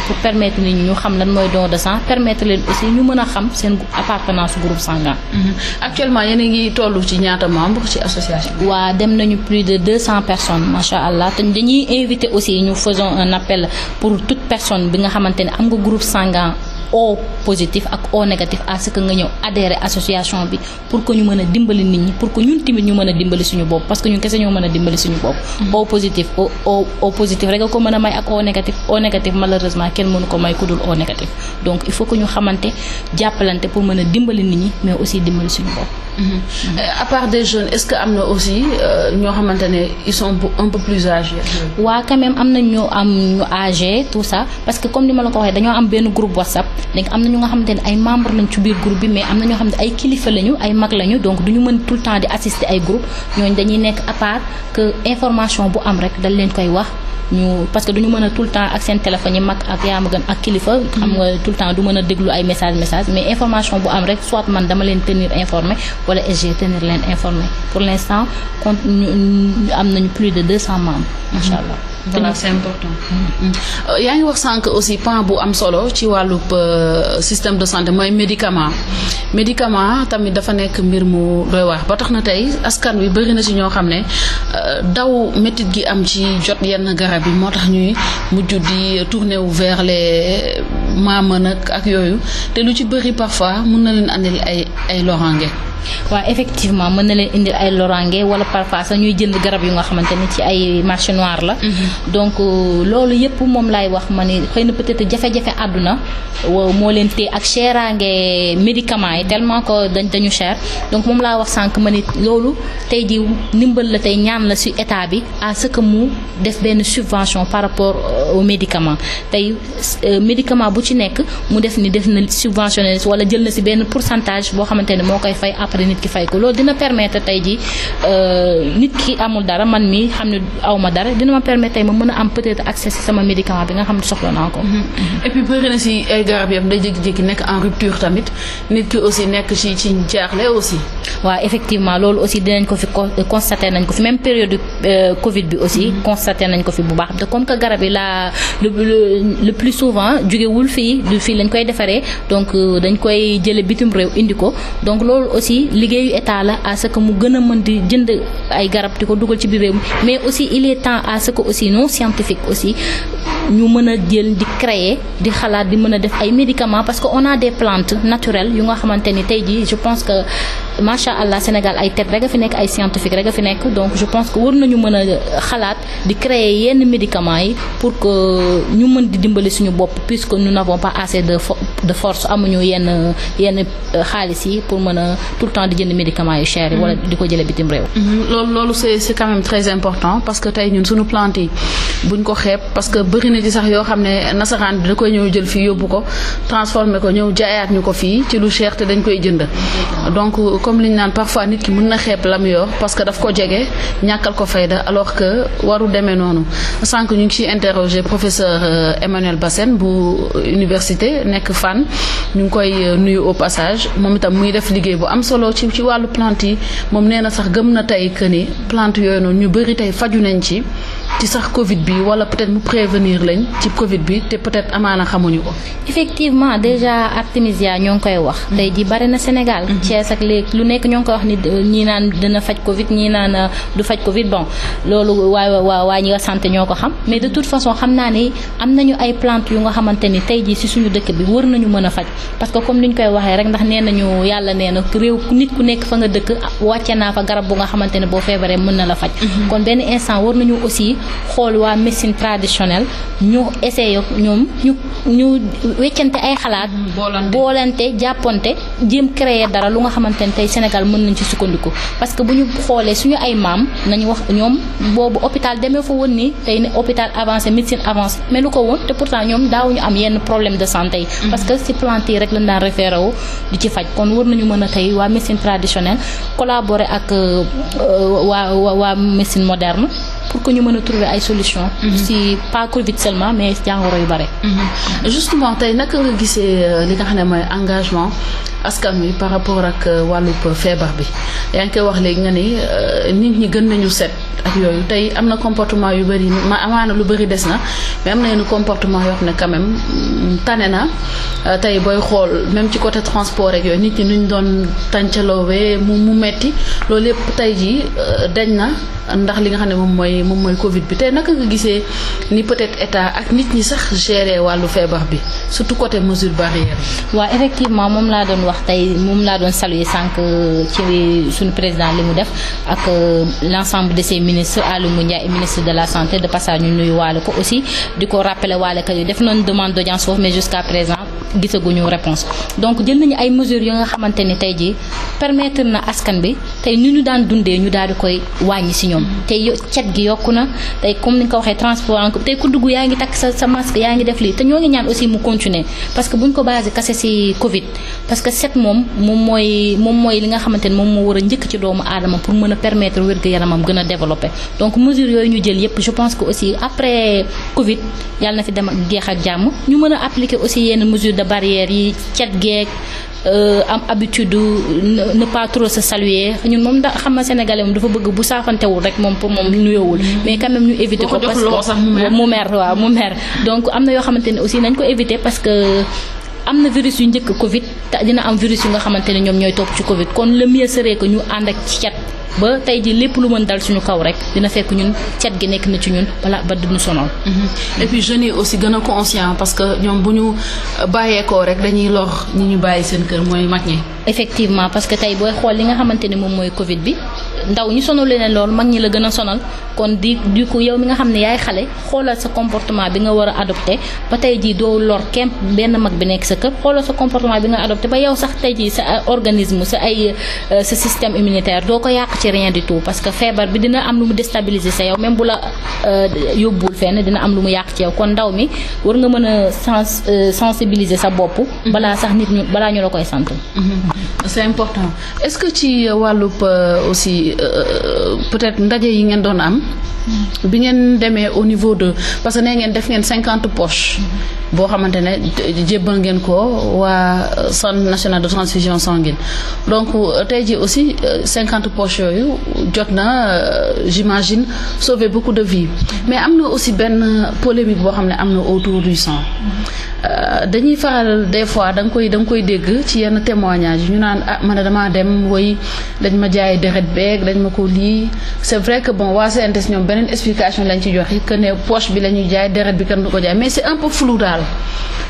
lan mooy don de sang permettre leen aussi ñu mën a xam seen appartenance groupe sanguin. Mhm. actuellement yéen a ngi toll ci ñaata membre ci association waa dem nañu plus de deux cent personnes macha allah te dañuy invité aussi ñu fason un appel pour toute personne bi nga xamante ne am nga groupe sanguin. O positif ak O négatif nga ñëw adhérer association bi pour que ñu mën a dimbali nit ñi pour que ñun tamit ñu mën dimbali suñu bopp parce que ñun kese ñoo mën a dimbali suñu bopp. Mm-hmm. O positif O O O positif rek ko mën a may ak O négatif O négatif malheureusement kenn mënu ko may ku O négatif donc il faut que ñu xamante jàppalante pour mën a dimbali nit ñi mais aussi dimbali suñu bopp. Mm-hmm. Mm-hmm. Euh, à part des jeunes est-ce que am na aussi euh, ñoo xamante ne ils sont un peu plus âgés. waaw am na ñu am ñu âgé tout ça am benn groupe WhatsApp. donc am na ñu nga xamante ne ay membre lañ ci biir groupe bi mais am na ñoo xam ne ay kilifa lañu ay mag lañu donc du ñu mën tout le temps di assister ay groupe ñooñu dañuy nekk à que information bu am rek dal leen koy wax ñu parce que du ñu mën a tout le temps ak seen téléphone yi mag ak yaa ma gën ak kilifa. xam nga tout temps du mën a déglu ay message message mais information bu am rek soit man dama leen tenir informé wala SG tenir leen informé pour l' instant compte am nañu plus de 200 membres. macha mhm. allah. voilà c'est euh, yaa ngi wax sànq aussi point bu am solo ci wàllub euh, système de santé mooy médicament médicament tamit dafa nekk mbir mu doy wax ba tax na tey askan wi bëri na ci ñoo xam ne euh, daw métit gi am ci jot yenn garab yi moo tax ñuy mujj di tourner wu vers les maama nag ak yooyu te lu ci bëri parfois mun na leen andil ay ay lorange. waaw effectivement mën na leen indil ay lorange wala parfois sax ñuy jënd garab yu nga xamante ni ci ay marché la. Mm-hmm. donc euh, loolu yëpp moom laay wax ma ni xëy na peut-être jafe-jafe àdduna moo leen tee ak cherange médicament yi tellement ko dañ dañu cher donc moom laa wax sànq ma ni loolu tey ji ndimbal la tey ñaan la si état bi à ce mu def benn subvention par rapport euh, au médicament tey euh, médicament bu ci nekk mu def ni def na subventionné wala jël na si benn pourcentage boo xamante ne moo koy fay après nit ki fay ko loolu dina permettre tey ji nit ki amul dara man mi xam ma mën a am peut-être si sama médicament bi nga xam ne soxla naa ko. Mhm. Mhm. et puis na si ay eh, garab yam day jékki-jékki nekk en rupture tamit nit ki aussi nekk ci ci jaaxle aussi. waaw effectivement loolu aussi dinañ ko fi constaté nañ ko fi même période euh, Covid bi aussi. Mhm. constaté nañ ko fi bu baax te comme que garab yi la le le plus souvent jógewul fii du fii lañ koy defaree donc euh, dañ koy jëlee bitim réew indi ko donc loolu aussi liggéeyu état la à ce que mu gën a mën di jënd ay garab di ko dugal ci partie non scientifique aussi ñu mën a jël di créer di xalaat di mën a def ay médicament parce que on a plante plantes naturelles yu nga xamante ni tey jii je pense que macha allah Sénégal ay tête rek a fi nekk ay scientifique rek a fi nekk donc je pense que war nañu mën a xalaat di créer yenn médicament yi pour que ñu mën di dimbali suñu bopp puisque nous n'avons pas assez de de force amuñu yenn yenn euh, xaalis yi pour mën a tout le temps di jënd médicaments yu cher yi mm-hmm. wala di ko jëlee bitim réew. Mm-hmm. buñ ko xeep parce que bëri na ci sax yoo xam ne nasaraan bi da koy ñëw jël fii yóbbu ko transformé ko ñëw jaayaat ñu ko fii ci lu cher te dañ koy jënd. donc comme li ñu naan parfois nit ki mën na xeeb lam yor parce que daf ko jege ñàkkal ko fayda alors que demee noonu sànq ñu ngi ciy interroger professeur euh, Emmanuel Bassène bu université nekk Fann ñu ngi koy euh, nuyu au passage moom itam muy def liggéey bu am solo ci ci wàllu plant yi moom nee na sax gëm na tey que ni plante yooyu noonu ñu bëri tey faju nañ ci ci sax Covid bi wala peut-être mu prévenir lañ ci Covid bi te peut-être amaana xamuñu ko. effectivement déjà artémisia ñoo ngi koy wax. Mm-hmm. tey ji bari na Sénégal. Mm-hmm. Thiès ak léegi lu nekk ñoo ngi koy wax ni ñii naan dina faj Covid ñii naan euh, du faj Covid bon loolu waay waa waa ñi nga santé ñoo ko xam mais de toute façon xam naa ni am nañu ay plante yu nga xamante ni tey jii ci suñu dëkk bi wër nañu mën a faj parce que comme ni ñu koy waxee rek ndax nee nañu yàlla neena na réew nit ku nekk fa nga dëkk wàcce naa fa garab bu nga xamante ne boo feebaree mën na la faj. Mm-hmm. xool waa médecine traditionnelle ñu yoo ñoom ñu ñu weccante ay xalaat. Mm-hmm. boolante jàppante jéem créer dara lu nga xamante ne tey Sénégal mën nañ ci sukkandiku. parce que bu ñu xoolee suñu ay maam nañu wax ñoom boobu hôpital demee fa woon ni tey ne hôpital avancé médecine avancé mais lu ko woon te pourtant ñoom daawuñu am yenn problème de santé yi. Mm-hmm. parce que si plante yi rek lañ daan référé wu di ci faj kon war nañu mën a tey waa médecine traditionnelle collaborer ak euh, waa waa waa médecine ko ñu mën a ay solution mhm. si pas Covid seulement mais jàngoro yu bare. Mhm. justement tey naka nga gisee euh, li nga xam ne mooy engagement askan wi par rapport ak euh, wàllub feebar bi yaa ngi koy wax léegi nga ni euh, nit ñi gën nañu set. ak yooyu tey am na comportement yu bëri ma amaana lu bari des na mais am na yenn comportement yoo xam ne quand mm, tane na euh, tey booy xool même ci côté transport rek yooyu nit ñi nuñ doon tàncaloowee mu mu metti loolu yëpp tey jii euh, dañ na ndax li nga xam ne moom mooy moom mooy Covid bi tey naka nga gisee ni peut-être état ak nit ñi sax gérer wàllu feebar bi surtout côté baax barrière waa effectivement moom laa doon wax tey moom laa doon saluer sànq euh, ci suñu président li mu def ministre Aliou Ndiaye ministre de la santé de passage ñu nuyu waale ko aussi di ko rappeler waale que def nañ demande d'audience foofu mais jusqu'à présent gisaguñu réponse donc jël nañu ay mesures yi nga xamante tey jii permettre na askan bi tey ni ñu daan dundee ñu daal di koy wàññi si ñoom tey cet gi yokku na tey comme ni nga waxee transport en ku dugg yaa ngi takk sa sa masque yaa ngi def lii te ñoo ngi ñaan aussi mu continuer parce que buñ ko basé développé donc mesures yooyu ñu jël yëpp je pense que aussi après Covid yàlla na fi dem ak ak jàmm ñu mën a appliquer aussi yenn mesures de barrière yi cet geek euh, am habitude ne pas trop se saluer ñun moom da xam na sénégalais moom dafa bëgg bu saafantewul rek moom pour moom nuyoowul mm-hmm. mais quand même ñu éviter ko parce que mu mer waaw mu mer donc am na yoo xamante ne aussi nañ ko éviter parce am na virus yu njëkk Covid te dina am virus yu nga xamante ne ñoom ñooy topp ci Covid kon le mieux serait que ñu ànd ak cet ba tey jii lépp lu mën dal suñu kaw rek dina fekk ñun cet gi nekk na ci ñun balaa ba duñu sonal. Mhm. et puis yi aussi gën a conscient parce que ñoom bu ñu bàyyeekoo rek dañuy lor ñi ñu bàyyi seen kër mooy mag ñi. effectivement parce que tey booy xool li nga xamante ne moom mooy Covid bi. ndaw ñi sonal leen lool mag ñi la gën a sonal kon di du ko yow mi nga xam ne yaay xale xoolal sa comportement bi nga war a adopté ba tey jii doo lor kenn benn mag bi nekk sa kër xoolal sa comportement bi nga adopté ba yow sax tey jii sa organisme sa ay euh, sa système immunitaire doo ko yàq ci rien du tout parce que feebar bi dina am lu mu déstabiliser sa yow même bu la euh, yóbbuwul fenn dina am lu mu yàq ci yow kon ndaw mi war nga mën a sens euh, sensibiliser sa bopp. balaa sax nit ñu balaa ñu koy sant. Mhm. c'est important Euh, peut-être ndaje yi ngeen doon am. Mm-hmm. bi ngeen demee au niveau de parce que nee ngeen def ngeen cinquante poche mm-hmm. boo xamante ne jébbal ngeen ko waa euh, centre national de transfusion sanguine donc euh, tey jii aussi cinquante poche yooyu jot na j'imagine sauver beaucoup de vies mm-hmm. mais am na aussi benn polémique boo xam ne am na autour du sang dañuy faral des fois da nga koy da koy dégg ci yenn témoignage ñu naan ah man damaa dem woy dañ ma jaay deret beeg dañ ma ko lii c'est vrai que bon waa CNTS ñoom beneen explication lañ ci joxe que ne poche bi la ñuy jaay deret bi kenn du ko jaay mais c'est un peu flou daal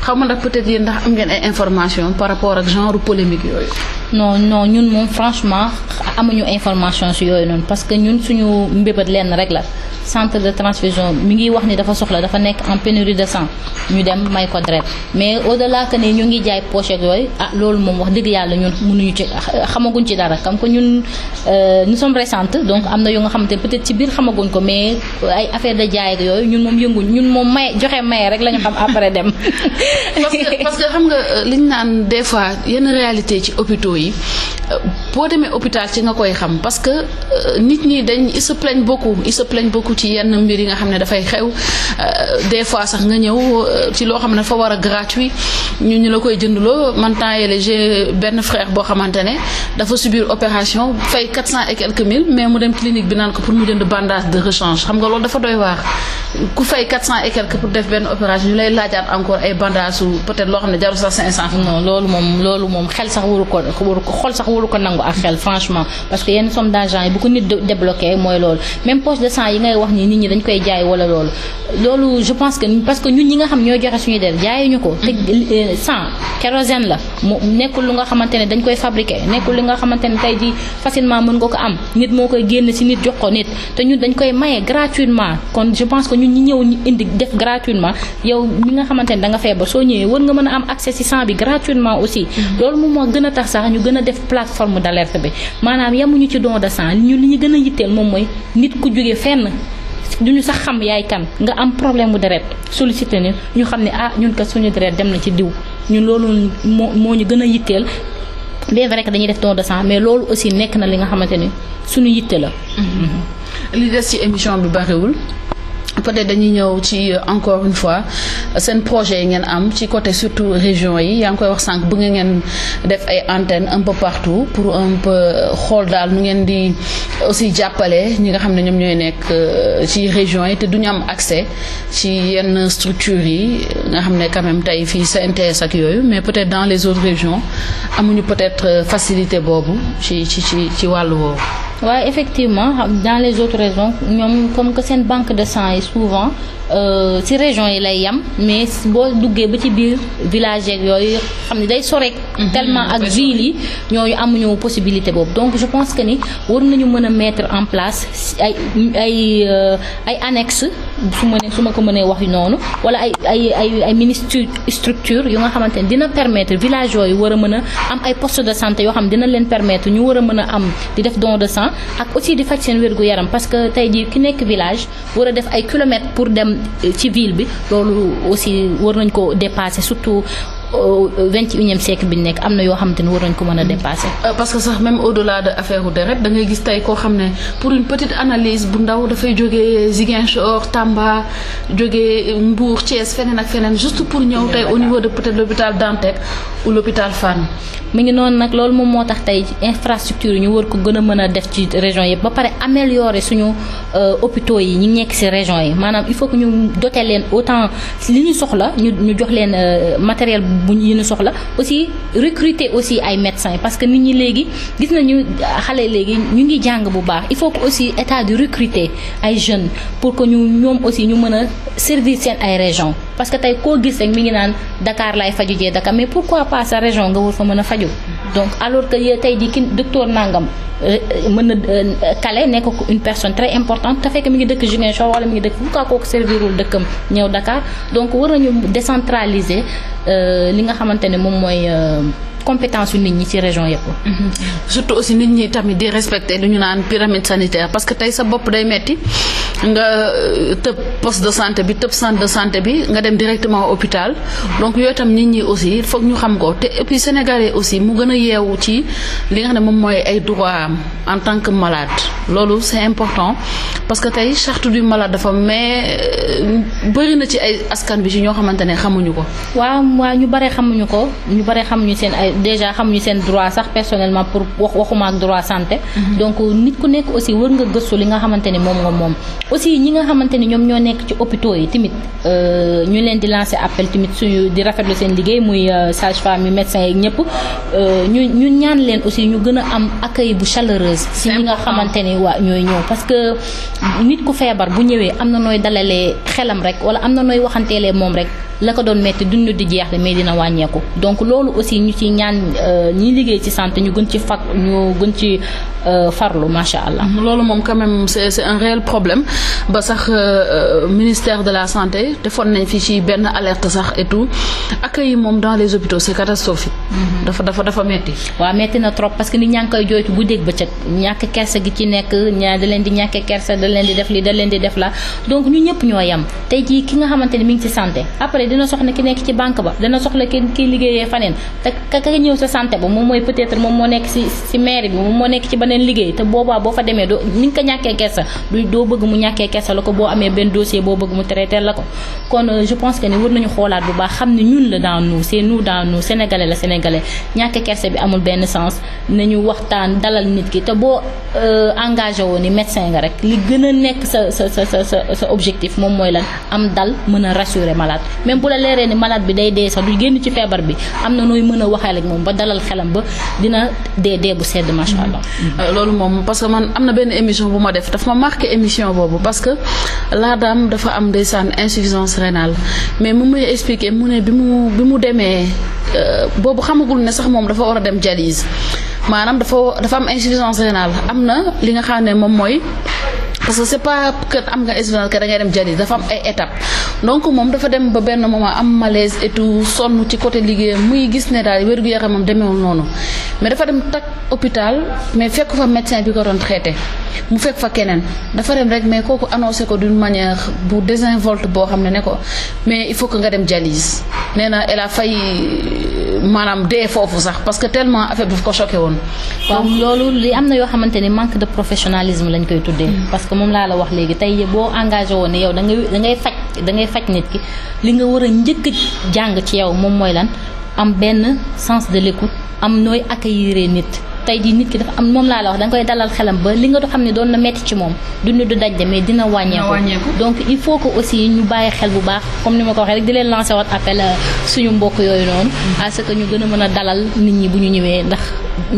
xam nga ndax peut-être ndax am ngeen ay information par rapport ak genre polémique yooyu. non non ñun moom franchement amuñu information si yooyu noonu parce que ñun suñu mbébét lenn rek la. centre de transfusion mi ngi wax ni dafa soxla dafa nekk en pénurie de sang ñu dem may ko deret mais au delà que ne ñu ngi jaay pochette yooyu ah loolu moom wax dëgg yàlla ñun mënuñu ci ah, xamaguñ ci dara comme que ñun euh, nous sommes récentes donc am na yu nga xamante peut-être ci biir xamaguñ ko mais ay affaire de jaay ak yooyu ñun moom yënguñ ñun moom may joxe maye rek la ñu xam après dem. parce que xam nga euh, liñ naan des fois yenn réalité ci hôpitaux yi euh, boo demee hôpital ci nga koy xam parce que nit ñi dañ ci yenn mbir yi nga xam ne dafay xew euh, des fois sax nga ñëw euh, ci loo xam ne dafa war a gratuit ñu ñu la koy jëndloo man temps yële j'ai benn frère boo xamante ne dafa subir opération fay quatre cent et quelques mille mais mu dem clinique bi naan ko pour mu jënd bandage de rechange xam nga loolu dafa doy waar ku fay quatre cent et quelques pour def benn opération ñu lay laajaat encore ay bandage peut-être loo xam ne jarul sax cinq cent non loolu moom loolu moom xel sax waru ko waru ko xol sax waru ko nangu ak xel parce que yenn somme d'argent yi bu ko nit wax ni nit ñi dañ koy jaay wala loolu loolu je pense que parce que ñun ñi nga xam ñooy joxe suñu der ñu ko te sans mm-hmm. euh, kérosène la mu nekkul lu nga xamante ne dañ koy fabriquer nekkul li nga xamante ne tey ji facilement mën nga ko am nit moo koy génn ci nit jox ko nit te ñun dañ koy maye gratuitement kon je pense que ñun ñi ñëw indi def gratuitement yow mi nga xamante ne da nga feebar soo ñëwee war nga mën a am accès ci sang bi gratuitement aussi mm-hmm. loolu moom moo gën a tax sax ñu gën a def plateforme d'alerte bi maanaam yamuñu ci don de sang ñu li ñu gën a yitteel moom mooy nit ku jóge fenn du ñu sax xam yaay kan nga am problème mu deret sollicité ni ñu xam ne ah ñun kat suñu deret dem na ci diw ñu loolu moo moo ñu gën a yitteel bien vrai dañuy def don de sang mais loolu aussi nekk na li nga xamante ni suñu yitte la. Mm-hmm. Mm-hmm. li des ci émission bi bariwul. peut-être dañuy ñëw ci euh, encore une fois seen projet yi ngeen am ci côté surtout région yi yaa ngi koy wax sànq bëgg ngeen def ay antennes un peu partout pour un peu euh, xool daal nu ngeen di aussi jàppale ñi nga xam ne ñoom ñooy nekk euh, ci région yi te duñu am accès ci yenn structures yi nga xam ne quand même tey fii CNTS ak yooyu mais peut-être dans les autres régions amuñu peut-être facilité boobu ci ci ci ci wàllu woowu waaye ouais, effectivement dans les autres régions ñoom comme que seen banque de sans yi souvent euh, ci région yi lay yam mais boo duggee ba ci biir village yeeg yooyu xam ne day sorek mhm. tellement ak ville yi ñooñu amuñu possibilité boobu donc je pense que ni war nañu mën a mettre en place ay ay euh, ay annexe su ma ne su ma ko mënee wax yu noonu wala ay ay ay ay mini structure yu nga xamante ne dina permettre village yooyu war a mën a am ay poste de santé yoo xam ne dina leen permettre ñu war a mën a am def don de sang ak aussi di faj seen wérgu yaram parce que tey jii ki nekk village war def ay kilomètres pour dem ci ville bi loolu aussi war nañ ko dépasser surtout vingt et unième bi ñu nekk am na yoo xamante ni war nañ ko mën a mm-hmm. dépasser. Euh, parce que sax même au delà de affaire u deret da ngay gis tey koo xam ne pour une petite analyse bu ndaw dafay jógee Ziguinchor Tamba jógee Mbour Thiès feneen ak feneen juste pour ñëw tey au niveau de peut-être l'hôpital Dantec ou l'hôpital Fann. mu ngi noonu nag loolu moom moo tax tey infrastructure yi ñu war ko gën a mën a def ci région yi ba pare améliorer suñu euh, hôpitaux yi ñu nekk ci région yi maanaam il faut ñu doter leen autant li ñu soxla ñu ñu jox leen euh, matériel. bu yi ñu soxla aussi recruter aussi ay médecins parce que nit ñi léegi gis nañu euh, xale léegi ñu ngi jàng bu baax il faut que aussi état di recruter ay jeunes pour que ñu ñoom aussi ñu mën a service seen ay régions parce que tey koo gis rek mi ngi naan Dakar laay faju jee Dakar mais pourquoi pas sa région nga war fa mën a faju donc alors que yow tey jii ki docteur Nangam euh, euh, mën na kale euh, nekk ko une personne très importante te fekk mi ngi dëkk Ziguinchor wala mi ngi dëkk pourquoi kooku servirul dëkkam ñëw Dakar donc war ñu décentraliser li nga xamante ne moom mooy. compétence yu nit ñi ci région yëpp. Mm-hmm. surtout aussi nit ñi tamit di respecter lu ñu naan pyramide sanitaire parce que tey sa bopp day metti nga euh, tëb poste de santé bi tëb centre de santé bi nga dem directement hôpital donc yooyu tam nit ñi aussi foog ñu xam ko te et puis aussi mu gën a yeewu ci li nga xam ne moom mooy ay droit am en tant que malade loolu c'est important parce que tey charte du malade dafa mais euh, bëri na ci ay askan bi ci ñoo xamante ne xamuñu ko. déjà xamuñu seen droit sax personnellement pour wax waxuma ak droit santé. Mhm. donc euh, nit ku nekk aussi war nga gëstu li nga xamante ne moom nga moom. aussi ñi nga xamante ne ñoom ñoo nekk ci hôpitaux yi tamit euh, ñu leen di lancé appel tamit suñu di rafetlu seen liggéey muy euh, sage-femme yi médecin yi ñëpp ñu ñu ñaan leen aussi ñu gën a am accueil bu chaleureuse. si ñi nga xamante ne waa ñooy ñëw parce que nit ku feebar bu ñëwee am na nooy dalalee xelam rek wala am na nooy waxanteelee moom rek. la ko doon metti duñu di jeex mais dina wàññeeku donc loolu aussi ñu ci ñaan euh, ñi liggéey ci santé ñu gën ci fag ñu gën ci euh, farlu macha allah. Mm, loolu moom quand même c'est un réel problème ba sax euh, ministère de la santé defoon nañ fi ci benn alerte sax et tout accueil yi moom dans les hôpitaux c'est catastrophique. Mm-hmm. dafa dafa dafa metti waa metti na trop parce que nit ñaa ngi koy bu dégg bëccëg ñàkk kersa gi ci nekk ñaa da leen di ñàkk kerse da leen di def li da leen di def la donc ñëpp ñoo yem tey jii ki nga xamante ni mi ngi ci santé dina soxla ki nekk ci banque ba dana soxla ki kiy liggéeyee faneen te kaka ñëw sa santé ba moom mooy peut-être moom moo nekk si si mairie bi moom moo nekk ci beneen liggéey te boo fa demee doo ko ñàkkee kersa du doo bëgg mu ñàkkee kersa la ko boo amee benn dossier boo bëgg mu traité la ko kon euh, je pense que ni war nañu xoolaat bu baax ne ñun la dans nous c'est nous dans nous sénégalais la sénégalais bi amul benn sens nañu waxtaan dalal nit ki te boo euh, engagé woon ni médecin nga rek li gën a nekk sa sa sa sa sa objectif moom mooy la am dal mën a rassurer malade bu la leeree ni malaat bi day dee sax du génn ci feebar bi am na nooy mën a waxee ak moom ba dalal xelam ba dina dee dee bu sedd macha allah. Mm-hmm. Euh, loolu moom parce que man am na benn émission bu ma def dafa ma marqué émission boobu parce que la dame dafa am ndeysaan insuffisance rénale mais mu may mu ne bi mu bi mu demee euh, boobu xamagul ne sax moom dafa war a dem dialyse maanaam dafa dafa am insuffisance rénale am na li nga xam ne moom mooy. parce que c'est pas que am nga S24 que dem jali dafa am ay étapes donc moom dafa dem ba benn moment am malaise et tout sonn ci côté liggéeyam muy gis ne daal wér gu yaramam demeewul noonu mais dafa dem tak hôpital mais fekk fa médecin bi ko doon traité mu fekk fa keneen dafa dem rek mais kooku annoncé ko du manière bu désinvolte boo xam ne ne ko mais il faut que nga dem dialyse nee na elle a failli maanaam dee foofu sax parce que tellement affaire bi daf ko choqué woon. waaw loolu li am na yoo xamante ni manque de professionnalisme lañ koy moom laa la wax léegi tey boo engagé woon ne yow da ngay da ngay faj da ngay faj nit ki li nga war a njëkk jàng ci yow moom mooy lan am benn sens de l'écoute am nooy accueillir nit. tey jii nit ki dafa am moom laa la wax da nga koy dalal xelam ba li nga xam ne doon na metti ci moom du ni du daj de mais dina wàññeeku donc il ñu bàyyi xel bu baax comme ni ma ko waxee rek leen lancer woon appel euh, suñu mbokk yooyu noonu mm-hmm. à que ñu gën a mën a dalal nit ñi bu ñu ñëwee ndax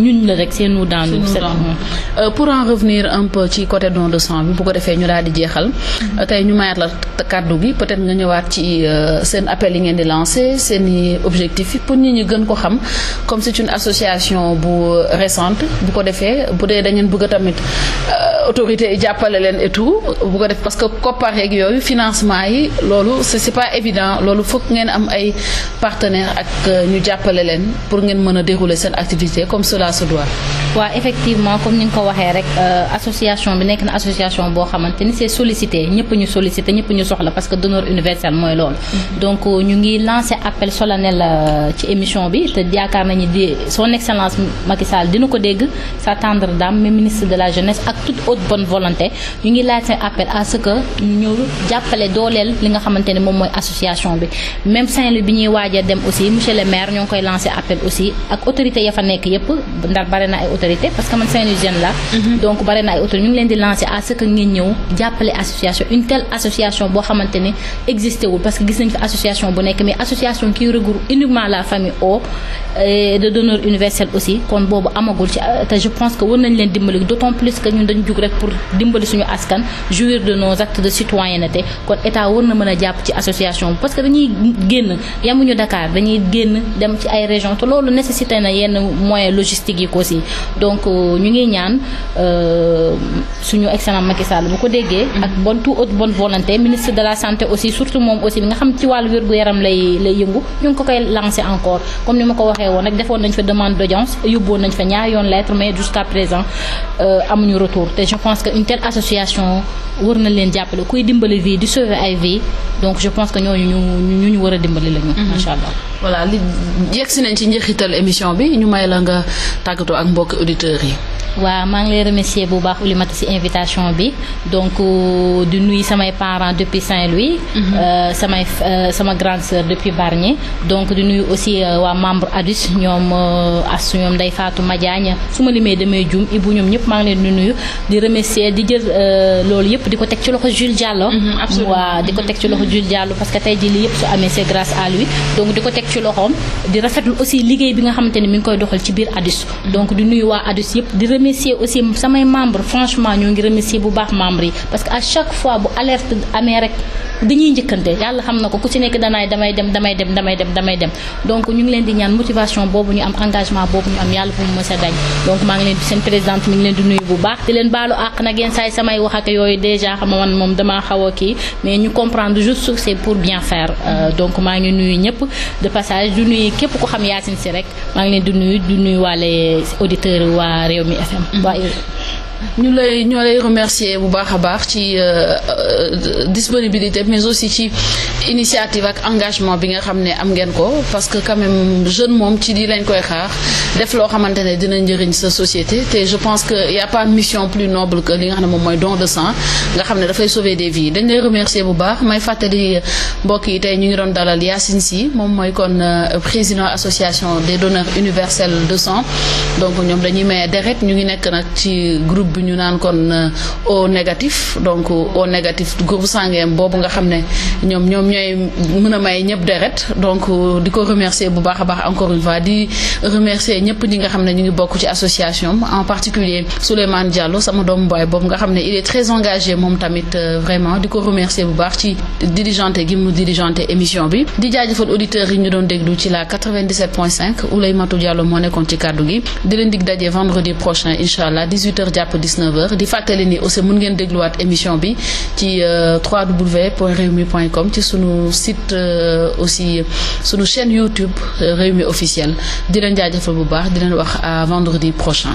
ñun la rek seenu daanu euh, pour en revenir un peu ci côté don de sang bi bu ko defee ñu daal di jeexal mm-hmm. ñu mayaat la kàddu gi peut-être nga ñëwaat ci euh, seen appel yi ngeen di lancer seen i objectif yi pour nit ñi gën ko xam comme c'est une association bu récente 60 bu ko defee bu dee da ngeen bëgg tamit euh, autorité yi jàppale leen et bu ko def parce que koppar yeeg yooyu financement yi loolu c' est pas évident loolu foog ngeen am ay partenaires ak euh, ñu jàppale leen pour ngeen mën a dérouler seen activité comme cela se doit. waaw effectivement comme ni nga ko waxee rek euh, association bi nekk na association boo xamante ni c'est solicité ñëpp ñu sollicité ñëpp ñu soxla parce que donneur universel mooy loolu. Mm-hmm. donc euh, ñu ngi lancé appel solennel euh, ci émission bi te yaakaar nañu di son excellence Macky Sall dina ko dégg sa tendre dame mais ministre de la jeunesse ak toute autre bonne volonté ñu ngi lancé appel à ce que ñu ñëw jàppale dooleel li nga xamante ni moom mooy association bi même Saint-Louis bi ñuy waaj dem aussi monsieur le maire ñoo ngi koy lancé appel aussi ak autorité fa nekk yëpp autorités parce que man Saint-Louisienne la mhm. donc bare na ay autorités ñu ngi leen di lancer à ce que ngeen ñëw jàppale association une telle association boo xamante ne existé wul parce que gis nañ fi association bu nekk mais association qui regroupe uniquement la famille au de donneur universel aussi kon boobu amagul ci te je pense que war nañ leen dimbali d'autant plus que ñun dañu jug rek pour dimbali suñu askan jouir de nos actes de citoyenneté kon état war na mën jàpp ci association parce que dañuy génn yamuñu Dakar dañuy génn dem ci ay région te loolu nécessité na yenn moyens logistiques yi aussi donc euh, ñu ngi ñaan euh, suñu excellent Macky Sall bu ko déggee. Mm-hmm. ak bonne tout autre bonne volonté ministre de la santé aussi surtout moom aussi nga xam ci wàllu wér gu yaram lay lay yëngu ñu ngi ko koy lancé encore comme ni ma ko waxee woon rek defoon nañ fa demande d'audience yóbboon nañ fa ñaar yoon lettre mais jusqu'à présent euh, ñu retour te je pense que une telle association war na leen jàppale kuy dimbali vie di sauver ay vie donc je pense que ñooñu ñu ñu ñu war dimbali lañu. macha mm-hmm. allah voilà si nañ ci njeexital émission bi ñu may la nga tàggatoo ak mbokk auditeurs yi waaw maa ngi lay remercier bu baax Oulimata ci invitation bi donc euh, di nuyu samay parents depuis Saint-Louis. Mhm. Euh, samay euh, sama grande sœur depuis Bargny donc di nuyu aussi waa membre ADUS ñoom Astou ñoom Ndeye Fatou Madiagne su ma limee damay juum Ibou ñoom ñëpp maa ngi leen di nuyu di remercier di jël loolu yëpp di ko teg ci loxo Jules Diallo. Mhm, waa di ko teg ci loxo Jules Diallo parce que tey jii lii yëpp su amee c'est grâce à lui donc di ko teg ci loxoom di rafetlu aussi liggéey bi nga xamante ni mi ngi koy doxal ci biir mhm. di nuyu waa remercier aussi samay membre franchement ñoo ngi remercier bu baax membre yi parce que à chaque fois bu alerte amee rek dañuy njëkkante yàlla xam na ko ku ci nekk danaay damay dem damay dem damay dem damay dem donc ñu ngi leen di ñaan motivation boobu ñu am engagement boobu ñu am yàlla bu mu mës a dañ donc maa ngi leen di seen di nuyu bu baax di leen baalu àq nag yenn saa yi samay wax ak yooyu déjà xam man moom damaa xaw a kii mais ñu comprendre juste c'est pour bien faire euh, FM. By ñu lay ñoo lay remercier bu baax a baax ci euh, euh, disponibilité mais aussi ci initiative ak engagement bi nga xam ne am ngeen ko parce que quand même jeune moom ci lii lañ koy xaar def loo xamante ne dina njëriñ sa société te je pense que y pas mission plus noble que li nga xam ne moom mooy don de sang nga xam ne dafay sauver des vies dañ lay remercier bu baax may fàttali mbokk yi tey ñu ngi doon dalal Yacine si moom mooy kon euh, président association des donneurs universels de sang donc ñoom ñu ngi nekk nag ci groupe bu ñu naan kon euh, au négatif donc au négatif groupe sanguin boobu nga xam ne ñoom ñoom ñooy mën a may ñëpp deret donc di ko remercier bu baax a baax encore une fois di remercier ñëpp ñi nga xam ne ñu ngi bokk ci association en particulier Souleymane Diallo sama doomu boy boobu nga xam ne il est très engagé moom tamit euh, vraiment di ko remercier bu baax ci dirigeante gi mu dirigeante émission bi di jaajëfal auditeurs yi ñu doon déglu ci la 97.5 Ouleymatou Diallo moo nekkoon ci kàddu gi di leen dig 19h di fàttali ni aussi mun ngeen dégluwaat émission bi ci euh, www.rewmi.com ci sunu site euh, aussi sunu chaîne YouTube euh, mi officielle di leen jaajëfal bu baax di leen wax à vendredi prochain.